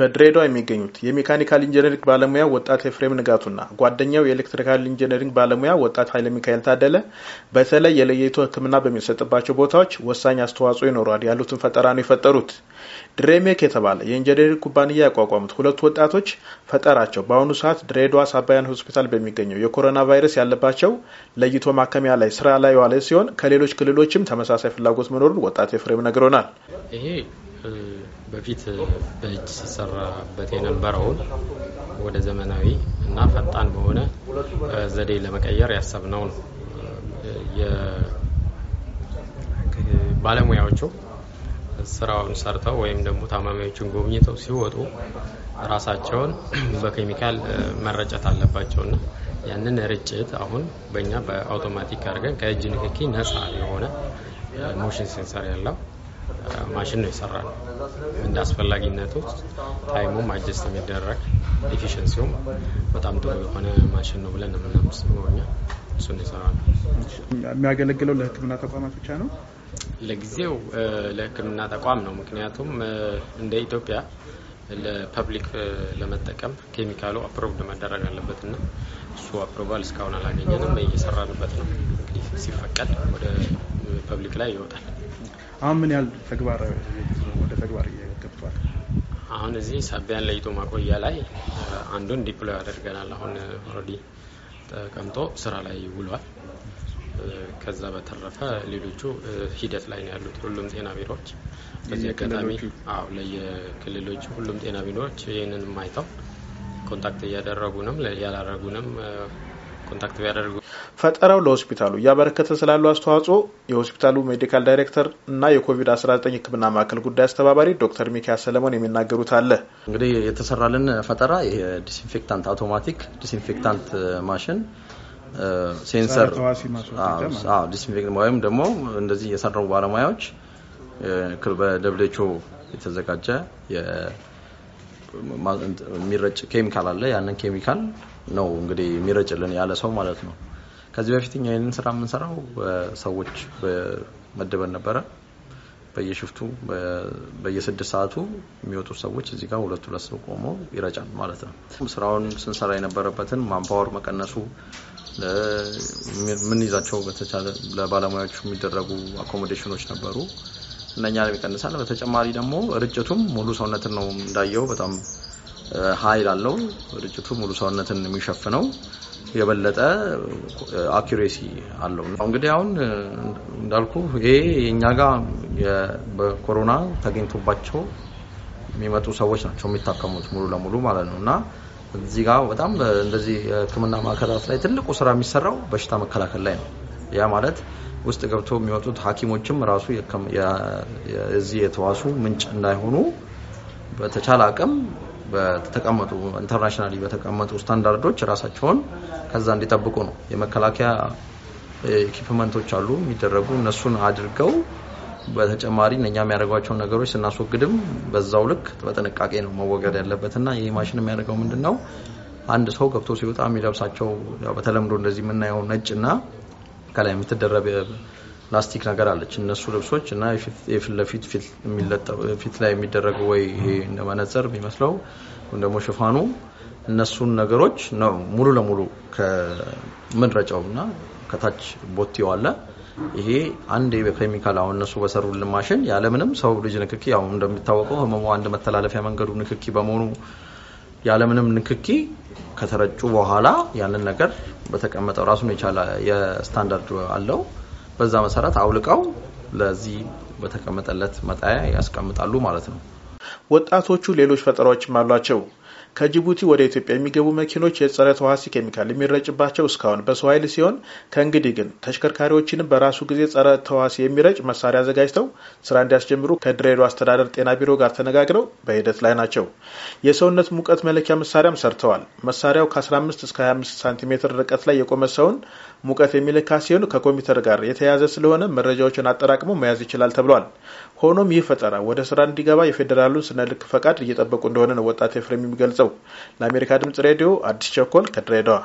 በድሬዳዋ የሚገኙት የሜካኒካል ኢንጂነሪንግ ባለሙያ ወጣት ኤፍሬም ንጋቱና ጓደኛው የኤሌክትሪካል ኢንጂነሪንግ ባለሙያ ወጣት ኃይለ ሚካኤል ታደለ በተለይ የለይቶ ሕክምና በሚሰጥባቸው ቦታዎች ወሳኝ አስተዋጽኦ ይኖረዋል ያሉትን ፈጠራ ነው የፈጠሩት። ድሬሜክ የተባለ የኢንጂነሪንግ ኩባንያ ያቋቋሙት ሁለቱ ወጣቶች ፈጠራቸው በአሁኑ ሰዓት ድሬዳዋ ሳባያን ሆስፒታል በሚገኘው የኮሮና ቫይረስ ያለባቸው ለይቶ ማከሚያ ላይ ስራ ላይ የዋለ ሲሆን ከሌሎች ክልሎችም ተመሳሳይ ፍላጎት መኖሩን ወጣት ኤፍሬም ነግሮናል። በፊት በእጅ ሲሰራበት የነበረውን ወደ ዘመናዊ እና ፈጣን በሆነ ዘዴ ለመቀየር ያሰብነው ነው። ባለሙያዎቹ ስራውን ሰርተው ወይም ደግሞ ታማሚዎቹን ጎብኝተው ሲወጡ ራሳቸውን በኬሚካል መረጨት አለባቸው እና ያንን ርጭት አሁን በእኛ በአውቶማቲክ አድርገን ከእጅ ንክኪ ነፃ የሆነ ሞሽን ሴንሰር ያለው ማሽን ነው የሰራ ነው። እንደ አስፈላጊነቱ ታይሙም አጀስት የሚደረግ ኤፊሽንሲውም በጣም ጥሩ የሆነ ማሽን ነው ብለን የምናምስበው እኛ እሱን የሰራ ነው። የሚያገለግለው ለህክምና ተቋማት ብቻ ነው። ለጊዜው ለህክምና ተቋም ነው። ምክንያቱም እንደ ኢትዮጵያ ለፐብሊክ ለመጠቀም ኬሚካሉ አፕሮቭድ መደረግ አለበት እና እሱ አፕሮቫል እስካሁን አላገኘንም። እየሰራንበት ነው። እንግዲህ ሲፈቀድ ወደ ፐብሊክ ላይ ይወጣል። አሁን ምን ያህል ተግባር ወደ ተግባር ገብቷል? አሁን እዚህ ሳቢያን ለይቶ ማቆያ ላይ አንዱን ዲፕሎይ አድርገናል። አሁን ኦልሬዲ ተቀምጦ ስራ ላይ ውሏል። ከዛ በተረፈ ሌሎቹ ሂደት ላይ ነው ያሉት። ሁሉም ጤና ቢሮዎች በዚህ አጋጣሚ ለየክልሎች ሁሉም ጤና ቢሮዎች ይህንን ማይተው ኮንታክት እያደረጉንም ያላረጉንም ኮንታክት ቢያደርጉ ፈጠራው ለሆስፒታሉ እያበረከተ ስላሉ አስተዋጽኦ የሆስፒታሉ ሜዲካል ዳይሬክተር እና የኮቪድ-19 ሕክምና ማዕከል ጉዳይ አስተባባሪ ዶክተር ሚካኤል ሰለሞን የሚናገሩት አለ። እንግዲህ የተሰራልን ፈጠራ የዲስኢንፌክታንት አውቶማቲክ ዲስኢንፌክታንት ማሽን ሴንሰር ዲስኢንፌክት ወይም ደግሞ እንደዚህ የሰራው ባለሙያዎች በደብሌቾ የተዘጋጀ የሚረጭ ኬሚካል አለ። ያንን ኬሚካል ነው እንግዲህ የሚረጭልን ያለ ሰው ማለት ነው። ከዚህ በፊት እኛ ይህንን ስራ የምንሰራው ሰዎች መድበን ነበረ። በየሽፍቱ በየስድስት ሰዓቱ የሚወጡ ሰዎች እዚህ ጋር ሁለት ሁለት ሰው ቆሞ ይረጫል ማለት ነው። ስራውን ስንሰራ የነበረበትን ማንፓወር መቀነሱ ምን ይዛቸው በተቻለ ለባለሙያዎቹ የሚደረጉ አኮሞዴሽኖች ነበሩ። እነኛ ይቀንሳል። በተጨማሪ ደግሞ ርጭቱም ሙሉ ሰውነትን ነው እንዳየው በጣም ሀይል አለው። ርጭቱ ሙሉ ሰውነትን የሚሸፍነው የበለጠ አኪሬሲ አለው። እንግዲህ አሁን እንዳልኩ ይሄ የእኛ ጋር በኮሮና ተገኝቶባቸው የሚመጡ ሰዎች ናቸው የሚታከሙት ሙሉ ለሙሉ ማለት ነው እና እዚህ ጋር በጣም እንደዚህ የሕክምና ማዕከላት ላይ ትልቁ ስራ የሚሰራው በሽታ መከላከል ላይ ነው ያ ማለት ውስጥ ገብተው የሚወጡት ሐኪሞችም ራሱ የዚህ የተዋሱ ምንጭ እንዳይሆኑ በተቻለ አቅም በተቀመጡ ኢንተርናሽናሊ በተቀመጡ ስታንዳርዶች ራሳቸውን ከዛ እንዲጠብቁ ነው። የመከላከያ ኢኩፕመንቶች አሉ የሚደረጉ እነሱን አድርገው በተጨማሪ እኛ የሚያደርጓቸውን ነገሮች ስናስወግድም በዛው ልክ በጥንቃቄ ነው መወገድ እና ይህ ማሽን የሚያደርገው ምንድን ነው? አንድ ሰው ገብቶ ሲወጣ የሚለብሳቸው በተለምዶ እንደዚህ የምናየው እና ከላይ የምትደረብ ላስቲክ ነገር አለች። እነሱ ልብሶች እና የፊት ለፊት ፊት ላይ የሚደረገው ወይ ይሄ እንደ መነጽር የሚመስለው ወይም ደግሞ ሽፋኑ እነሱን ነገሮች ነው ሙሉ ለሙሉ ከመድረጫው እና ከታች ቦቴው አለ። ይሄ አንድ በኬሚካል አሁን እነሱ በሰሩልን ማሽን ያለምንም ሰው ልጅ ንክኪ፣ ያው እንደሚታወቀው ህመሙ አንድ መተላለፊያ መንገዱ ንክኪ በመሆኑ ያለምንም ንክኪ ከተረጩ በኋላ ያንን ነገር በተቀመጠው ራሱን የቻለ የስታንዳርድ አለው። በዛ መሰረት አውልቀው ለዚህ በተቀመጠለት መጣያ ያስቀምጣሉ ማለት ነው። ወጣቶቹ ሌሎች ፈጠራዎችም አሏቸው። ከጅቡቲ ወደ ኢትዮጵያ የሚገቡ መኪኖች የጸረ ተዋሲ ኬሚካል የሚረጭባቸው እስካሁን በሰው ኃይል ሲሆን ከእንግዲህ ግን ተሽከርካሪዎችንም በራሱ ጊዜ ጸረ ተዋሲ የሚረጭ መሳሪያ አዘጋጅተው ስራ እንዲያስጀምሩ ከድሬዳዋ አስተዳደር ጤና ቢሮ ጋር ተነጋግረው በሂደት ላይ ናቸው። የሰውነት ሙቀት መለኪያ መሳሪያም ሰርተዋል። መሳሪያው ከ15 እስከ 25 ሳንቲሜትር ርቀት ላይ የቆመ ሰውን ሙቀት የሚለካ ሲሆን ከኮምፒውተር ጋር የተያያዘ ስለሆነ መረጃዎችን አጠራቅሞ መያዝ ይችላል ተብሏል። ሆኖም ይህ ፈጠራ ወደ ስራ እንዲገባ የፌዴራሉን ስነልክ ፈቃድ እየጠበቁ እንደሆነ ነው ወጣት ኤፍሬም የሚገልጸው። ገለጸው። ለአሜሪካ ድምጽ ሬዲዮ አዲስ ቸኮል ከድሬዳዋ